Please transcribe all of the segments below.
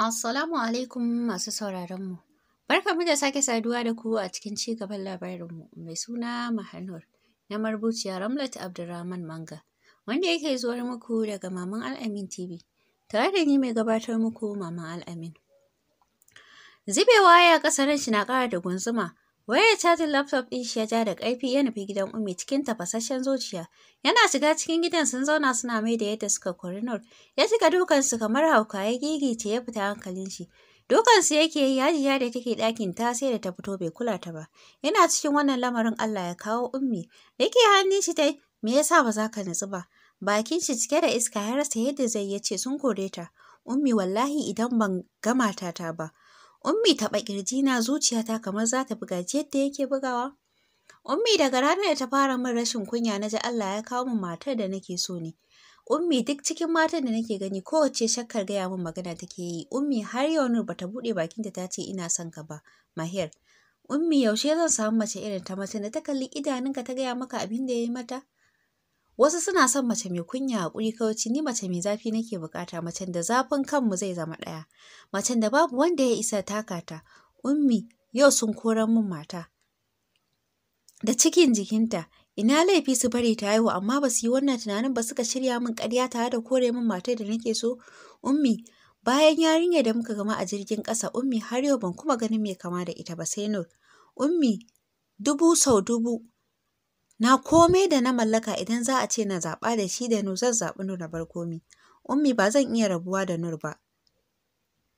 Assalamu alaikum masu sauraronmu. mu da sake saduwa da ku a cikin ci gaban labarinmu mai suna Mahanur na marbuciya Ramlat Abdulrahman Manga wanda yake zuwar muku daga Maman Al'amin TV tare da ni mai gabatar muku Maman Al'amin. Zubewa ya ƙasar shi na ƙara da gunzuma Wayar cajin laptop ɗin shi ya ja da ƙarfi ya nufi gidan Umi cikin tafasasshen zuciya. Yana shiga cikin gidan sun zauna suna mai da yadda suka kori Nur. Ya shiga dukansu kamar hauka ya gigice ya fita hankalin shi. Dukansu yake yi yajiya da take ɗakin ta sai da ta fito bai kula ta ba. Yana cikin wannan lamarin Allah ya kawo Ummi. yake hannun shi dai me yasa ba za ka nutsu ba? Bakin shi cike da iska ya rasa yadda zai ya ce sun kore ta. Ummi wallahi idan ban gama ta ta ba. Ummi taɓa ƙirjina zuciyata kamar za ta buga yadda yake bugawa. Ummi daga ranar da ta fara min rashin kunya na ji Allah ya kawo min matar da nake so ne. Ummi duk cikin matan da nake gani kowace shakkar gaya min magana take yi. Ummi har yau Nur bata buɗe bakinta ta ce ina son ka ba. Mahir. Ummi yaushe zan samu mace irin ta mace da ta kalli idanunka ta gaya maka abin da ya yi mata? Wasu suna son mace mai kunya hakuri kawai ni mace mai zafi nake bukata mace da zafin kanmu zai zama ɗaya. mace da babu wanda ya isa takata, Ummi yau sun koran min mata. Da cikin jikinta ina laifi su bari ta haihu amma ba su yi wannan tunanin ba suka shirya min ƙarya tare da kore min matar da nake so. Ummi bayan yarinyar da muka gama a jirgin ƙasa Ummi har yau ban kuma ganin mai kama da ita ba sai Nur. Ummi dubu sau dubu Na komai da na mallaka idan za a ce na zaɓa da shi da nuzar zan zaɓi Nur na bar komi. Ummi ba zan iya rabuwa da Nur ba.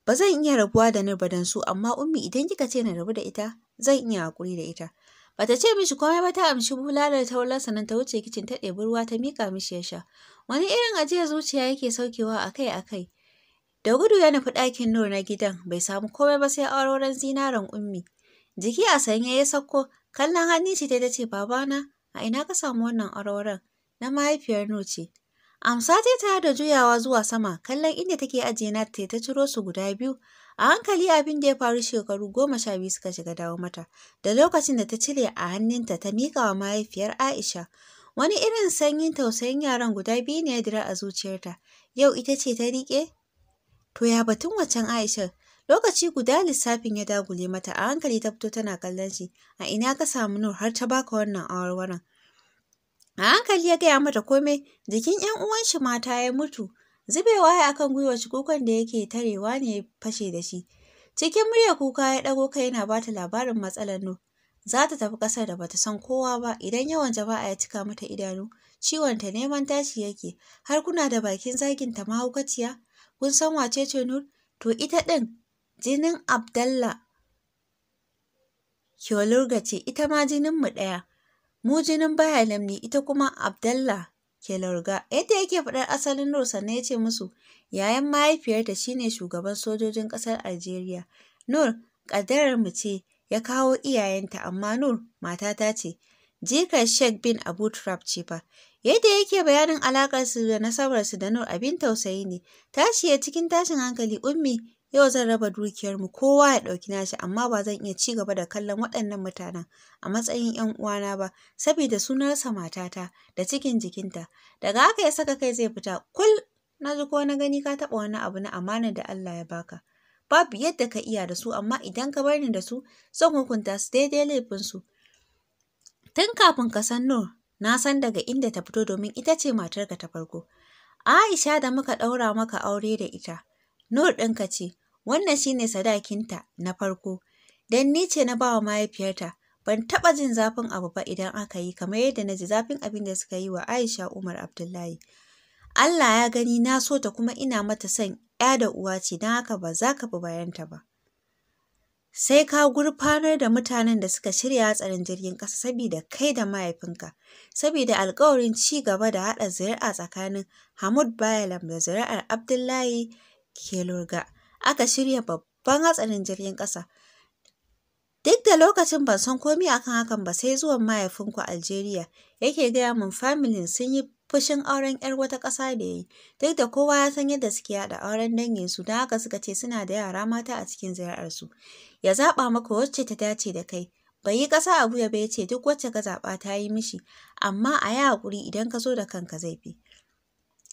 Ba zan iya rabuwa da Nur ba don su amma Ummi idan kika ce na rabu da ita zan iya hakuri da ita. Bata ce mishi komai ba ta amshi ta wala sannan ta wuce kicin ta ɗebi ruwa ta mika mishi ya sha. Wani irin ajiyar zuciya yake saukewa akai-akai. Da gudu ya nufi ɗakin Nur na gidan bai samu komai ba sai auroren zinaren Ummi. Jiki a sanye ya sauko kallon hannun shi ta ce babana a ina ka samu wannan aroran na mahaifiyar noce ce amsa ta tare da juyawa zuwa sama kallon inda take ajiye na ta ta ciro su guda biyu a hankali abin da ya faru shekaru goma sha biyu suka shiga dawo mata da lokacin da ta cire a hannunta ta miƙa wa mahaifiyar aisha wani irin sanyin tausayin yaran guda biyu ne ya dira a zuciyarta yau ita ce ta riƙe to ya batun waccan aisha Lokaci guda lissafin ya dagule mata a hankali ta fito tana kallon shi a ina ka samu nur har ta baka wannan awarwaron. A hankali ya gaya mata komai jikin 'yan uwan shi mata ya mutu zubewa ya akan gwiwa shi kukan da yake tarewa ne fashe da shi. Cikin murya kuka ya ɗago kai yana bata labarin matsalar nur. Za ta tafi ƙasar da bata san kowa ba idan yawan jama'a ya cika mata idanu ciwon ta neman tashi yake har kuna da bakin zagin ta mahaukaciya kun san wacece nur to ita ɗin Jinin Abdallah Kyolurga ce ita ma jininmu ɗaya. Mu jinin baya ne ita kuma Abdallah Kyolurga. Yadda yake faɗar asalin Nursa sannan ya ce musu yayan mahaifiyarta shine shugaban sojojin ƙasar Algeria. Nur ƙaddarar mu ce ya kawo iyayenta amma Nur matata ce. Jikar Sheikh bin Abu Turab ce fa. Yadda yake bayanin alaƙarsu da nasabarsu da Nur abin tausayi ne. Tashi ya cikin tashin hankali Ummi Yau zan raba dukiyarmu kowa ya ɗauki nashi amma ba zan iya ci gaba da kallon waɗannan mutanen a matsayin 'yan uwana ba saboda sunarsa matata da cikin jikinta. Daga haka ya saka kai zai fita kul na ji ko na gani ka taɓa wani abu na amanar da Allah ya baka. Babu yadda ka iya da su amma idan ka bar ni da su zan hukunta su daidai laifinsu. Tun kafin ka san Nur na san daga inda ta fito domin ita ce matarka ta farko. Aisha da muka ɗaura maka aure da ita. Nur ɗinka ce, Wannan shine sadakinta na farko. Dan ni ce na bawa mahaifiyarta, ban taɓa jin zafin abu ba idan aka yi kamar yadda na ji zafin abin da suka yi wa Aisha Umar Abdullahi. Allah ya gani na so ta kuma ina mata son ‘ya da uwa ce don haka ba za ka fi bayanta ba. Sai ka gurfanar da mutanen da suka shirya hatsarin jirgin ƙasa saboda kai da mahaifinka, saboda alkawarin ci gaba da haɗa zuri'a tsakanin Hamud Bayalam da zuri'ar Abdullahi Kelurga. aka shirya babban hatsarin jirgin ƙasa. Duk da lokacin ban san komi akan hakan ba sai zuwan mahaifinku Algeria yake gaya min familin sun yi fushin auren 'yar wata ƙasa da ya yi, duk da kowa ya san yadda suke haɗa auren su don haka suka ce suna da yara mata a cikin ziyararsu. Ya zaɓa maka wacce ta dace da kai, bai yi ƙasa a guya ba ya ce duk wacce ka zaɓa ta yi mishi, amma a yi hakuri idan ka zo da kanka zai fi.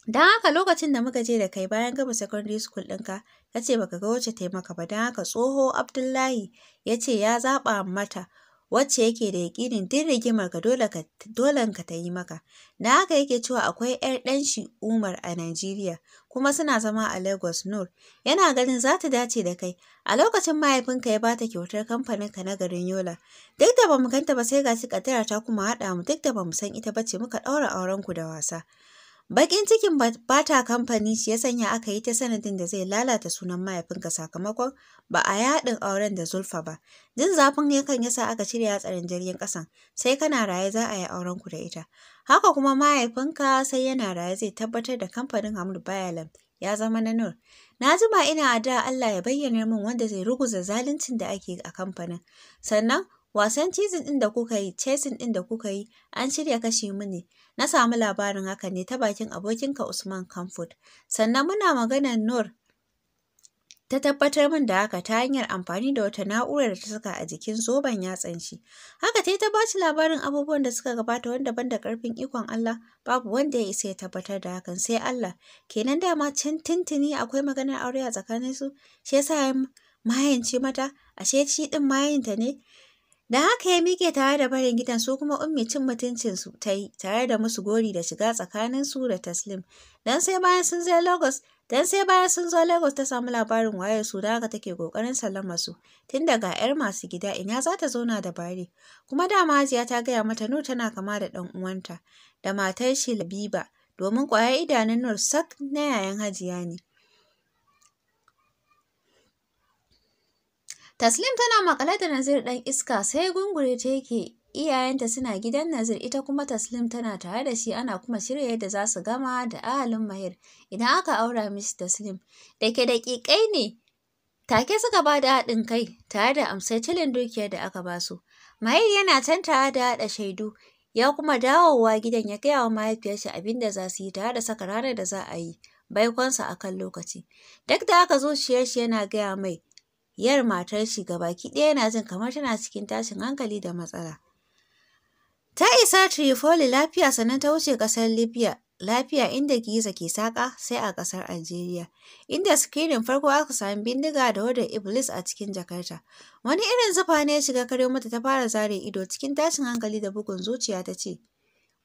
Don haka lokacin da muka je da kai bayan gaba secondary school ɗinka, ka ce baka ga wacce taimaka ba don haka tsoho Abdullahi ya ce ya zaɓa mata wacce yake da yaƙinin din rigimar ka dole ka ta yi maka. Da haka yake cewa akwai 'yar ɗan shi Umar a Najeriya kuma suna zama a Lagos Nur. Yana ganin za ta dace da kai. A lokacin mahaifinka ya bata kyautar kamfanin ka na garin Yola. Duk da bamu ganta ba sai ga shi ta kuma haɗa mu duk da bamu san ita ba ce, muka ɗaura aurenku da wasa. Bakin cikin bata kamfani shi ya sanya aka yi ta sanadin da zai lalata sunan mahaifinka sakamakon ba a yaɗin auren da Zulfa ba. Jin zafin yakan yasa aka shirya hatsarin jirgin ƙasan sai kana raye za a yi auren ku da ita. Haka kuma mahaifinka sai yana raye zai tabbatar da kamfanin Hamdu Bayalam ya zama na Nur. Na jima ina da Allah ya bayyana min wanda zai ruguza zaluncin da ake a kamfanin. Sannan Wasan cizin ɗin da kuka yi, cesin ɗin da kuka yi, an shirya kashe mu ne. Na samu labarin haka ne ta bakin abokinka Usman Comfort. Sannan muna maganar Nur ta tabbatar min da haka ta hanyar amfani da wata na'urar da ta saka a jikin zoben yatsan shi. Haka ta ta bashi labarin abubuwan da suka gabata wanda ban da karfin ikon Allah babu wanda ya isa ya tabbatar da hakan sai Allah. Kenan dama can tintini akwai maganar aure a tsakanin su shi yasa ya mayance mata ashe shi din mayanta ne. Da haka ya miƙe tare da barin gidan su kuma ummi cin mutuncinsu ta yi tare da musu gori da shiga tsakanin su da Taslim. Dan sai bayan sun zo Lagos, dan sai bayan sun zo Lagos ta samu labarin wayar su da haka take kokarin sallama su. Tun daga ƴar masu gida ina za ta zauna da bare. Kuma da Hajiya ta gaya mata Nur tana kama da ɗan uwanta da matar shi Labiba domin ƙwayar idanun Nur sak na yayan Hajiya ne. Taslim tana makale da Nazir ɗan iska sai gungure ta yake iyayenta suna gidan Nazir ita kuma Taslim tana tare da shi ana kuma shirya yadda za su gama da ahalin Mahir idan aka aura Miss Taslim. Da ke daƙiƙai ne take suka ba da haɗin kai tare da amsar cilin dukiyar da aka ba su. Mahir yana can tare da haɗa shaidu ya kuma dawowa gidan ya gaya wa mahaifiyarsa abin da za su yi tare da saka ranar da za a yi baikonsa a kan lokaci. Duk da haka zuciyar shi yana gaya mai yar matar shi ga baki ɗaya na jin kamar tana cikin tashin hankali da matsala. Ta isa Trifoli lafiya sannan ta wuce ƙasar Libya lafiya inda Giza ke saƙa sai a ƙasar Algeria, inda skirinin farko aka sami bindiga da wadar Iblis a cikin Jakarta. Wani irin zufa ne shiga kare mata ta fara zare ido cikin tashin hankali da bugun zuciya ta ce,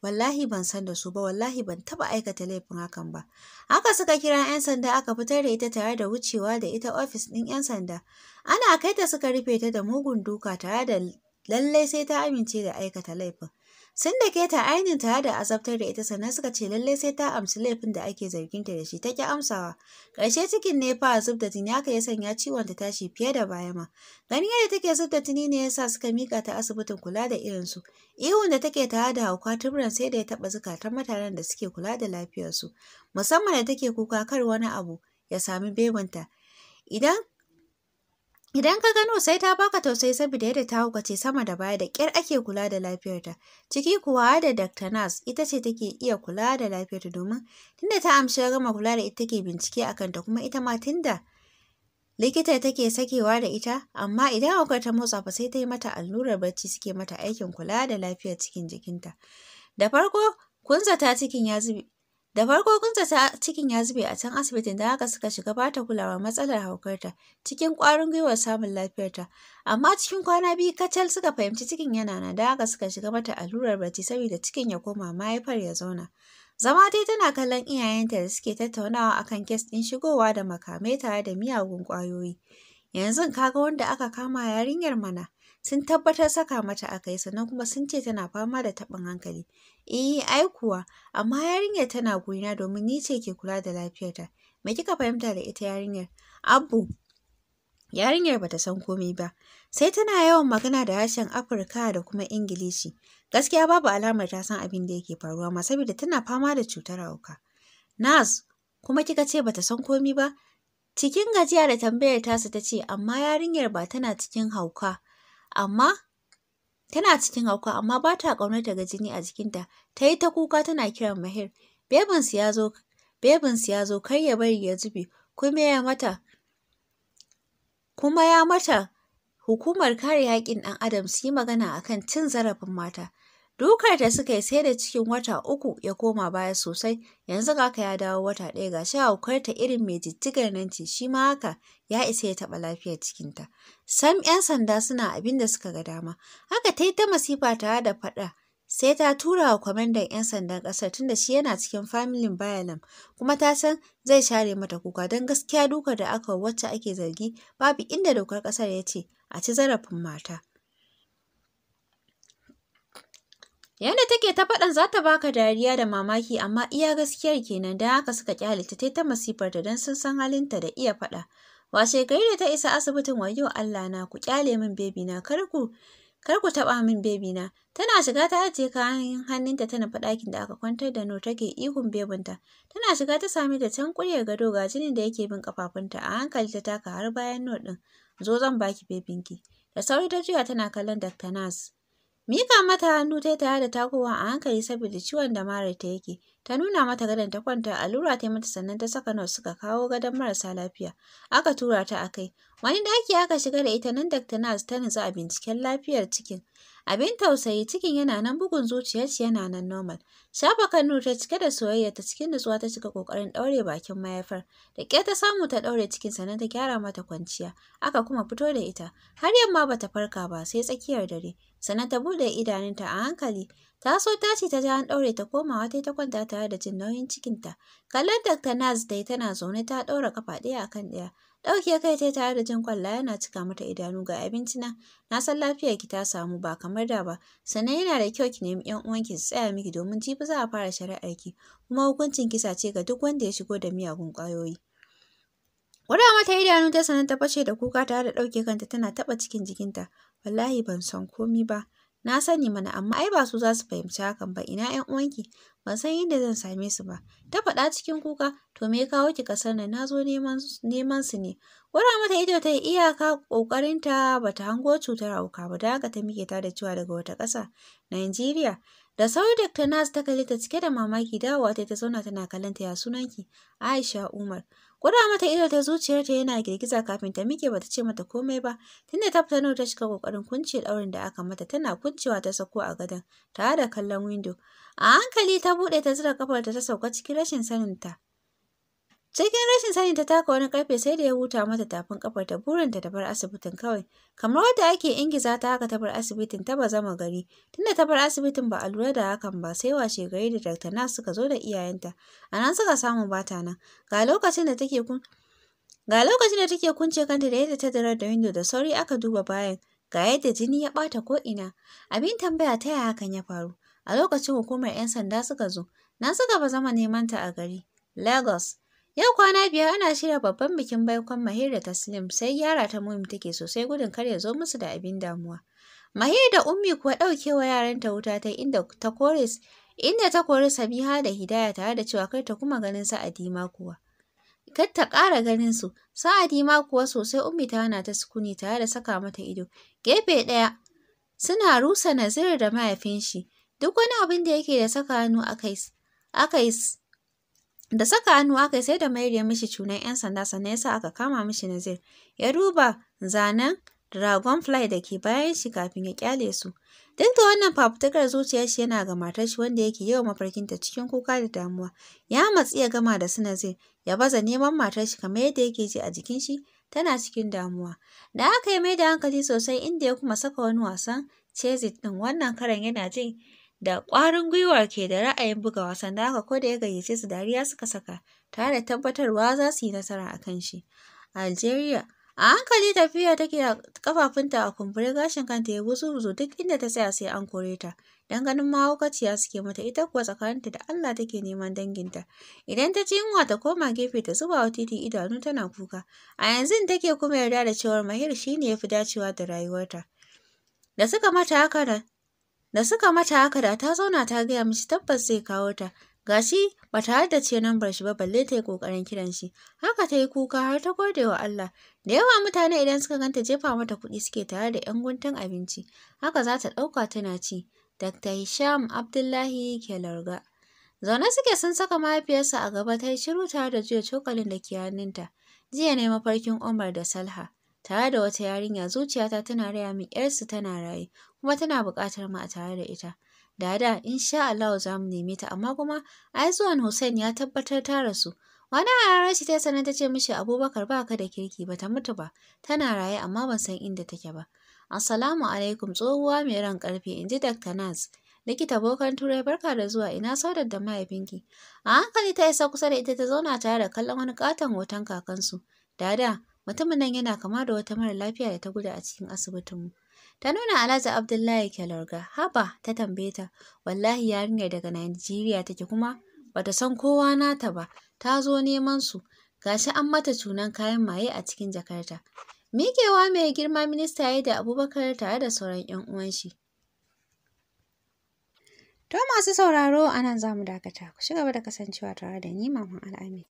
wallahi ban san da su ba wallahi ban taba aikata laifin hakan ba haka suka kira 'yan sanda aka fitar da ita tare da wucewa da ita ofis ɗin 'yan sanda ana kai ta suka rufe ta da mugun duka tare da lallai sai ta amince da aikata laifin. Sun da keta ainihin tare da azabtar da ita sannan suka ce lallai sai ta amshi laifin da ake zargin ta da shi ta ki amsawa. Ƙarshe cikin ne fa zub da tuni haka ya sanya ciwon ta tashi fiye da baya ma. Ganin yadda take zub da tuni ne yasa suka mika ta asibitin kula da irinsu. Ihun da take tare da hauka tumuran sai da ya taɓa zukatan mutanen da suke kula da lafiyarsu. Musamman da take kuka kar wani abu ya sami bebanta. Idan Idan ka gano sai ta baka tausayi saboda yadda ta hukace sama da baya da ƙyar ake kula da lafiyarta. Ciki kuwa da Dr. Nas ita ce take iya kula da lafiyarta domin tunda ta amshi gama kula da ita take bincike a kanta kuma ita ma tunda likita take sakewa da ita amma idan akwai ta motsa fa sai ta yi mata allurar barci suke mata aikin kula da lafiyar cikin jikinta. Da farko kunza cikin ya zube Da farko kunta ta cikin ya zube a can asibitin da haka suka shiga ba ta kulawa matsalar haukarta cikin ƙwarin gwiwar samun lafiyarta. Amma cikin kwana biyu kacal suka fahimci cikin yana na da haka suka shiga mata allurar bacci saboda cikin ya koma mahaifar ya zauna. Zama dai tana kallon iyayenta da suke tattaunawa akan kes ɗin shigowa da makamai tare da miyagun ƙwayoyi. Yanzu kaga wanda aka kama yarinyar mana. sun tabbatar saka mata a kai sannan kuma sun ce tana fama da taɓin hankali eh ai kuwa amma yarinyar tana goyina domin ni ce ke kula da lafiyarta me kika fahimta da ita yarinyar abu yarinyar bata san komai ba sai tana yawan magana da harshen afirka da kuma ingilishi gaskiya babu alamar ta san abin da yake faruwa ma saboda tana fama da cutar hauka nas kuma kika ce bata san komai ba cikin gajiya da tambayar tasu ta ce amma yarinyar ba tana cikin hauka amma tana cikin hauka amma ba ta ƙaunar ta ga jini a jikinta ta yi ta kuka tana kiran mahir bebinsu ya zo bebinsu ya zo kar ya bari ya zube kuma ya mata kuma ya mata hukumar kare haƙƙin ɗan adam su yi magana akan cin zarafin mata Dukar da suka yi sai da cikin wata uku ya koma baya sosai, yanzu haka ya dawo wata ɗaya ga shi ta irin mai jijjigar nan ce shi ma haka ya isa ya taɓa lafiyar cikinta. Sam 'yan sanda suna abin da suka ga dama, haka ta yi ta masifa tare da faɗa. sai ta tura wa kwamandan 'yan sandan ƙasar tun da shi yana cikin familin Bayalam kuma ta san zai share mata kuka don gaskiya dukar da aka wacce ake zargi babu inda dokar ƙasar ya ce a ci zarafin mata. Yanda take ta faɗan za ta baka dariya da mamaki amma iya gaskiyar kenan da haka suka kyale ta ta masifar ta don sun san halinta da iya faɗa. Washe gari da ta isa asibitin wayo Allah na ku kyale min bebi na karku ku kar taɓa min bebi na. Tana shiga ta ajiye kayan hannunta tana faɗakin ɗakin da aka kwantar da no take ihun bebinta. Tana shiga ta sami da can kuryar gado ga jinin da yake bin kafafunta a hankali ta taka har bayan no ɗin. Zo zan baki bebinki. Da sauri ta juya tana kallon Dr. Nas. Mika mata hannu ta tare da takowa a hankali saboda ciwon da marar ta yake. Ta nuna mata gadon ta kwanta lura ta mata sannan ta saka nawa suka kawo gadon marasa lafiya. Aka tura ta a kai. Wani daki aka shiga da ita nan dakta Nas ta nutsu a binciken lafiyar cikin. Abin tausayi cikin yana nan bugun zuciyarci yana nan normal. Shafa Kano ta cike da soyayya ta cikin nutsuwa ta cika kokarin daure bakin mayafar. Da ke ta samu ta daure cikin sannan ta gyara mata kwanciya. Aka kuma fito da ita. Har yamma bata farka ba sai tsakiyar dare. Sannan ta bude idanunta a hankali. Ta so ta ce ta ji an daure ta komawa ta ta kwanta tare da jin nauyin cikinta. Kallon Dr. Naz dai tana zaune ta daura kafa ɗaya akan ɗaya. Ɗauki ya kai yi tare da jin kwalla yana cika mata idanu ga abinci na. Na san lafiyar ki ta samu ba kamar da ba. Sannan yana da kyau ki nemi yan uwanki su tsaya miki domin jibi za a fara shari'ar ki. Kuma hukuncin kisa ce ga duk wanda ya shigo da miyagun ƙwayoyi. Wada mata idanu ta sanan ta fashe da kuka tare da ɗauke kanta tana taɓa cikin jikinta. Wallahi ban san komi ba. Na sani mana amma ai ba su za su fahimci hakan ba ina ‘yan uwanki ban san yadda zan same su ba. Ta faɗa cikin kuka to me ya kawo ki kasar nan na zo neman su ne. Wara mata ido ta yi iyaka ƙoƙarinta ba ta hango cutar auka ba daga ta mike ta da cewa daga wata ƙasa (Nigeria) Da sauri Dr. Nas ta kalli ta cike da mamaki dawo ta ta zauna tana kallon ta ya sunanki Aisha Umar. Gwada mata ido ta zuciyarta yana girgiza kafin ta mike bata ce mata komai ba. Tunda ta fita nawa ta shiga kokarin kunce daurin da aka mata tana kuncewa ta sako a gadon tare da kallon windo. A hankali ta bude ta zura kafarta ta sauka cikin rashin saninta. Cikin rashin sani ta taka wani karfe sai da ya huta mata tafin kafar ta burinta ta bar asibitin kawai. Kamar wadda ake ingiza ta haka ta bar asibitin ta ba zama gari. Tunda ta bar asibitin ba a lura da hakan ba sai washe gari da Dr. Nas suka zo da iyayenta. A nan suka samu bata nan. Ga lokacin da take kun Ga lokacin da take kunce kanta da yadda ta dara da windo da sauri aka duba bayan. Ga yadda jini ya bata ko ina. Abin tambaya ta yaya hakan ya faru. A lokacin hukumar 'yan sanda suka zo. Nan suka zama neman ta a gari. Lagos. Yau kwana biyar ana shirya babban bikin baikon Mahir da Taslim sai gyara ta Momi take sosai gudun kar ya zo musu da abin damuwa. Mahir da Ummi kuwa ɗaukewa ta wuta ta inda ta kore inda ta kori Sabiha da Hidaya tare da cewa kai ta kuma ganin su a kuwa. Kar ta ƙara ganin su, sa'adi ma kuwa sosai Ummi ta hana ta sukuni tare da saka mata ido. Gefe ɗaya suna rusa Nazir da mahaifin shi, duk wani abin da yake da saka hannu a kai Da saka hannu aka sai da mayar ya mishi cunan 'yan sanda sannan ya sa aka kama mishi Nazir. Ya duba zanen Dragonfly da ke bayan shi kafin ya kyale su. Duk da wannan fafutukar zuciyar shi yana ga matar shi wanda yake yawan mafarkinta cikin kuka da damuwa. Ya matsi ya gama da su Nazir ya baza neman matar shi kamar yadda yake ji a jikin shi tana cikin damuwa. Da aka yi mai da hankali sosai inda ya kuma saka wani wasan Chezit din wannan karan yana jin da ƙwarin gwiwa ke da ra'ayin buga wasan da haka ko da ya gayyace su dariya suka saka tare da tabbatarwa za su yi nasara a kan shi. Algeria a hankali tafiya take a kafafunta a kumbure gashin kanta ya buzu buzu duk inda ta tsaya sai an kore ta. Dan ganin mahaukaciya suke mata ita kuwa tsakaninta da Allah take neman danginta. Idan ta ji yunwa ta koma gefe ta zuba wa titi idanu tana kuka. A yanzu take kuma yarda da cewar Mahir shine ya fi dacewa da rayuwarta. Da suka mata haka Da suka mata haka da ta zauna ta gaya mishi tabbas zai kawo ta. Gashi ba ta haddace nambar shi ba balle ta yi ƙoƙarin kiran shi. Haka ta yi kuka har ta gode wa Allah. Da yawa mutane idan suka ganta jefa mata kuɗi suke tare da 'yan guntun abinci. Haka za ta ɗauka tana ci. Dr. Hisham Abdullahi Kelarga. Zaune suke sun saka mahaifiyarsa a gaba ta yi shiru tare da juya cokalin da ke hannunta. Jiya ne mafarkin Umar da Salha. tare da wata yarinya zuciyata tana raya min ‘yarsu tana raye kuma tana buƙatar mu a tare da ita. Da da insha Allah za mu neme ta amma kuma Aizuwan Hussein ya tabbatar ta rasu. Wani a shi ta sanar ta ce mishi Abubakar ba ka da kirki ba ta mutu ba tana raye amma ban san inda take ba. Assalamu alaikum tsohuwa mai ran karfe Inji ji Dr. nas Likita bokan turai barka da zuwa ina saudar da mahaifinki. A hankali ta isa kusa da ita ta zauna tare da kallon wani katon hoton kakansu. Dada, Mutumin nan yana kama da wata mara lafiya da ta gudu a cikin asibitin mu Ta nuna Alhaji Abdullahi Kyalorga, haba ta tambaye ta, wallahi yarinyar daga Najeriya take kuma bata san kowa nata ba, ta zo neman su, gashi an mata cunan kayan maye a cikin jakarta. Mikewa mai girma minista ya da Abubakar tare da sauran 'yan uwan shi. To masu sauraro anan zamu dakata, ku shiga gaba da kasancewa tare da ni Maman Al'amin.